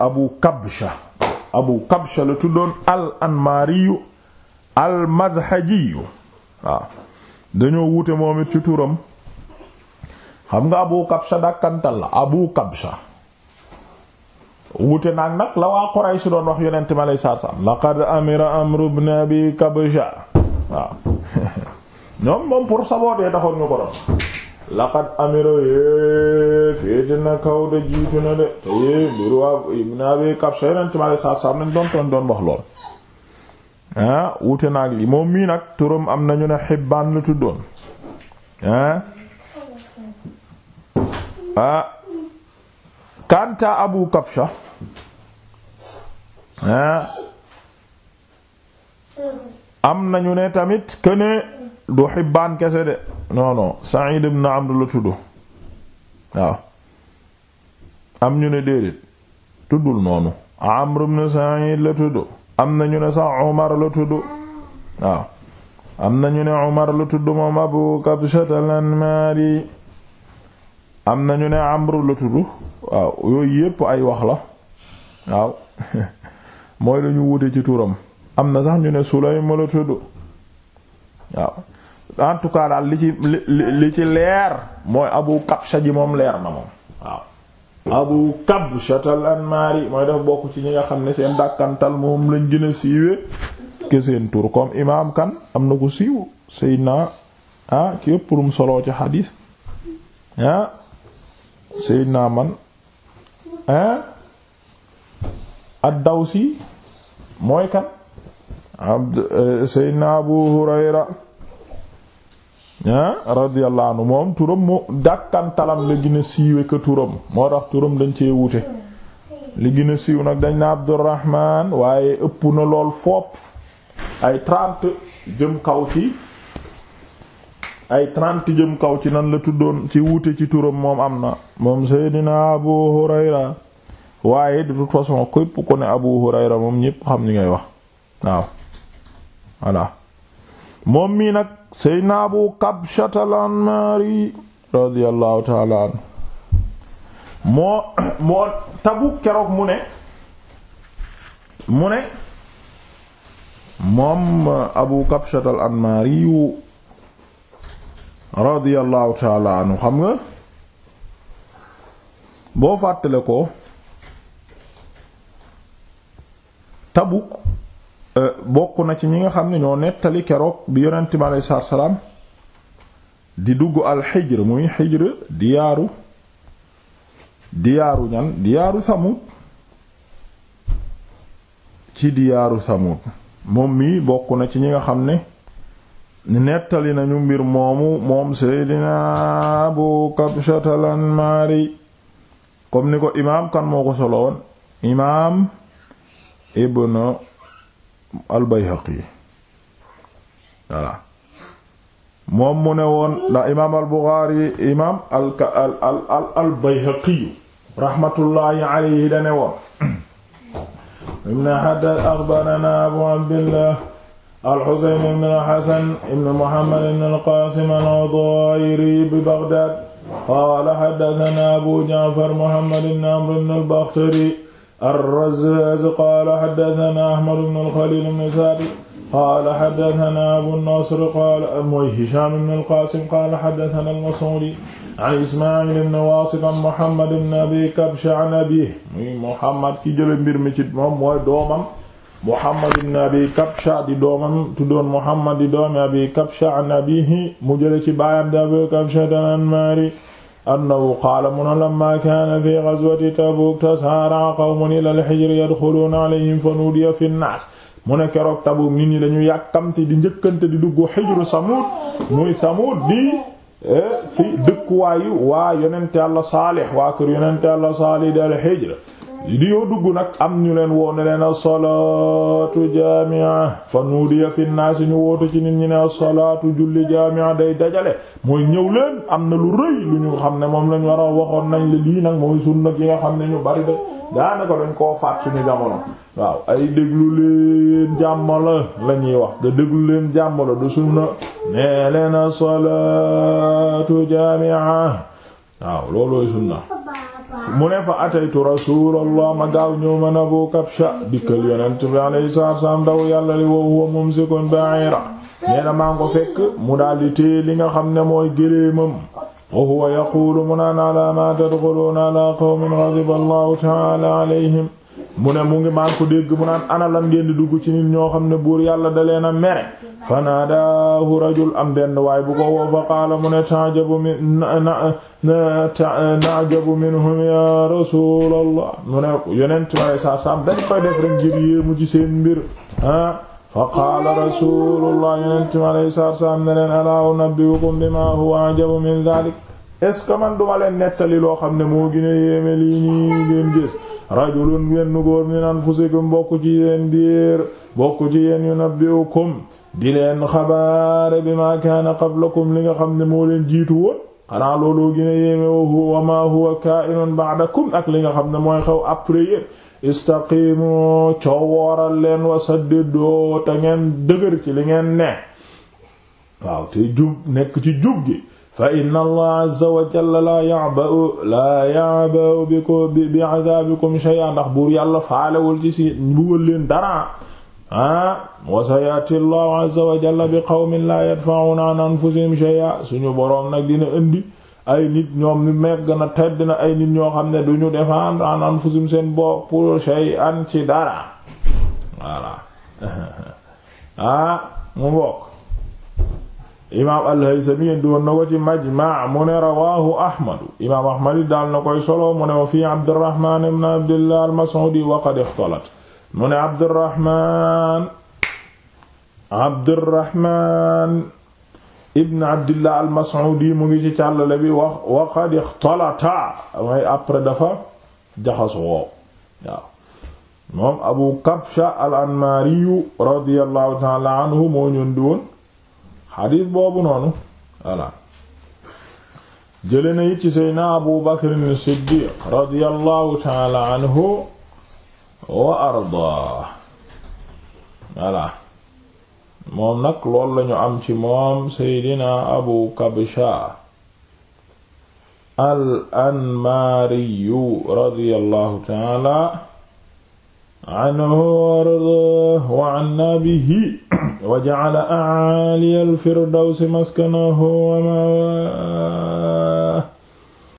abu kabsha abu kabsha la tuddoon al anmaariyu al madhajiyu waaw dañoo wuute moom it ci tuuram xam nga abu kabsha dàkkantal la abu kabsha wuute naag nag la waa Quraysh doon wax yonent ma lay saar saam laqad amira amru ibn abi kabsha waaw ñoom moom pour sabootee taxoon ñu ko laqad amiro yée féete na kaw de jiitu na de te yée mbir waa ibn abi kabsha yeneen ci ma lay saa saa nañ doon toon doon wax lool ah wute naag li moom mii nag turam am nañu ne xibbaan la tuddoon ah ah kanta abu kabsha ah am nañu ne tamit que du Hibbaan kese de non non Sa'id ibn Amr la tudd waaw am ñu ne déedéet tuddul noonu Amr ibn Sa'id la tudd am na ñu ne sax Umar la tudd waaw am na ñu ne Umar la tudd moom Abu Kabshat al-Anmari am na ñu ne Amr la tudd waaw yooyu yépp ay wax la waaw mooy lañu wute ci turam am na sax ñu ne Sulaym la tudd waaw en tout cas daal li ci li ci leer mooy Abu Kabsha ji moom leer na moom mooy def bokk ci ñi nga xam ne seen dàkkantal moom lañ gën a siiwee ke seen tur comme imaam kan am na ko siiw Seydina ah ki ëpp rum soloo ci xadiis ah Seydina man ah ad-Dawsi mooy kan abd eh, seydna abu hurayra ah, radiyallahu anhu moom turam mu dàkkantalam la gën a siiwe turam moo tax turam dañ cee wute li gën siiw nag dañ na abdurrahman waaye ëpp na lool foop ay trente jëm kaw ci ay trente jëm kaw ci nan la tuddoon ci wuute ci turam moom am na moom seydina abu hurayra waaye de toute façon képp ko abu hurayra moom ñépp xam ni ngay wax waaw voilà moom mii nag Seydina Abu Kabshata al-Anmari radiyallahu ta'ala anhu moo moo Tabuk keroog mu ne mu ne moom Abu Kabshata al-Anmari radiyallahu ta'ala anhu xam nga boo fàttale ko Tabuk Euh, bokk na ci ñi nga xam ne ñoo nettali keroog bi yonent bi aleyhi salaatu salaam di dugg al xijr muy xijr diyaaru diyaaru ñan diyaaru samut ci diyaaru samut moom mii bokk na ci ñi nga xam ne nettali nañu mbir moomu moom seydina abu kabshata al-anmari ni ko imaam kan moo ko solowoon imaam ibnu al-Bayhaqi voilà moom mu ne woon ndax imaam al-Bukhari imaam al al al al-Bayhaqi rahmatullahi alayhi da ne woon ibn Haddad akhbarana Abu Abdillah al-Husayn ibn al-Hasan ibn Muhammad ibn al-Qasim al-Adayri bi Baghdad qala haddathana Abu Ja'far Muhammad ibn Amr ibn al-Bakhtari الرزاز قال حدثنا أحمد بن الخليل بن ثابت قال حدثنا أبو النصر قال mooy هشام بن القاسم قال حدثنا المسعودي عن إسماعيل بن واصف عن محمد بن أبي كبش عن أبيه muy Muhammad ki jële mbir mi ci moom mooy doomam Muhammad ibn Abi Kabsha di doomam tuddoon Muhammad di doomi Abi Kabsha an abiihi mu jële ci baayam di Abi Kabsha an Maari annahu qaala mu ne lamma kaana fi ghazwati Tabuuk tasaara'a qawmun ilal hijr yadxuluuna alayhim fa nuudiya fi nnaas mu ne keroog Tabuuk nit ñi dañu yàkkamti di njëkkante di dugg hijru Samuud muy Samuud di eh, fi dëkkuwaayu waa yonent Yàlla Saalih waa kër yonent Yàlla Saalih di al hijr di yoo dugg nag am ñu leen woone leen as-salaatu jaami'a fa nuudiya fi naasi ñu wootu ci nit ñi ne as-salaatu julli jaami'a day dajale mooy ñëw leen am na lu rëy lu ñu xam ne moom lañ war waxoon nañ la lii nag mooy nag yi nga xam ne ñu bari de daanaka dañ koo faat suñu jamono waaw ay déglu leen jàmm la ñuy wax da déglu leen jàmm la du sunna ne leen as-salaatu jaami'a waaw loolooy sunna mu ne fa ataytu rasulallah ma daw ñëw man abu kabsha dikkal yonent bi alayhi salaam ndaw yàlla li wa huwa mumsikun ba'ira nee na maa ngi ko fekk mu daldi téye li nga xam ne mooy géléemam wa huwa yaquulu mu naan ala ma tadxuluuna ala qawmin ghadiba allahu ta'ala alayhim mu ne mu ngi maa ko dégg mu naan ana lan ngeen dugg ci nit ñoo xam ne buur yàlla da leen a mere fanaadaahu rajul am benn waaye bu ko woo fa qaala mu ne tajabu min najabu ya rasulallah mu ne yonent ma sa sam dañ koy def rek ngir yéemu ci seen mbir ah fa qaala rasulullah yonent mi aleyi saatu salaam ne leen alaa unabbiukum bima huwa ajabu min dhalik est ce que man duma leen nettali loo xam ne moo gën yéeme lii nii ngeen gis rajulun wenn góor min anfusikum bokk ci yéen biir bokk ci yéen yunabbi'ukum di leen xabaare bi ma kaana qablakum li nga xam ne moo leen jiitu woon xanaa looloo gën a yéeme wa ma huwa kaa'inun ba'dakum ak li nga xam ne mooy xew après yéen istaqimu coowooral leen wa saddidu te ngeen dëgër ci li ngeen ne waaw te jub nekk ci jub gi fa inna allah azza wa jalla laa ya'ba'u laa bi ko bi bi adaabikum shay'an ndax buur yàlla faalewul ci si mbugal leen dara ah wa sayaati allahu bi qawmin laa yadfa'una anfusihim shay'an suñu boroom nag dina indi ay nit ñoom ni megg na tedd na ay nit ñoo xam ne duñu défendre an anfusihim seen bopp pour ci dara voilà ah mu bokk imaam al-Haythami indi woon na ko ci Majmaa mu ne rawaahu Ahmad imaam Ahmad daal na koy solo mu ne wa fii Abdurrahman ibn Abdillah al-Mas'udi wa qad ixtalat mu ne Abdurrahman Abdurrahman ibn Abdillah al-Mas'udi mu ngi ci càllale bi wax wa qad ixtalata mooy après dafa jaxasoo waaw moom Abu Kabsha al-Anmari radiyallahu ta'ala anhu moo ñëw woon xadiis boobu noonu voilà jële na it ci seydna abu bakr as-siddiq radiyallahu taala anhu wa ardaa voilà moom nag loolu lañu am ci moom seydina abu kabsha al anmaariyu radiyallahu taala anhu wardah wa anna bihi wa ja'ala a'ali al-firdawsi maskanahu wa ma'wa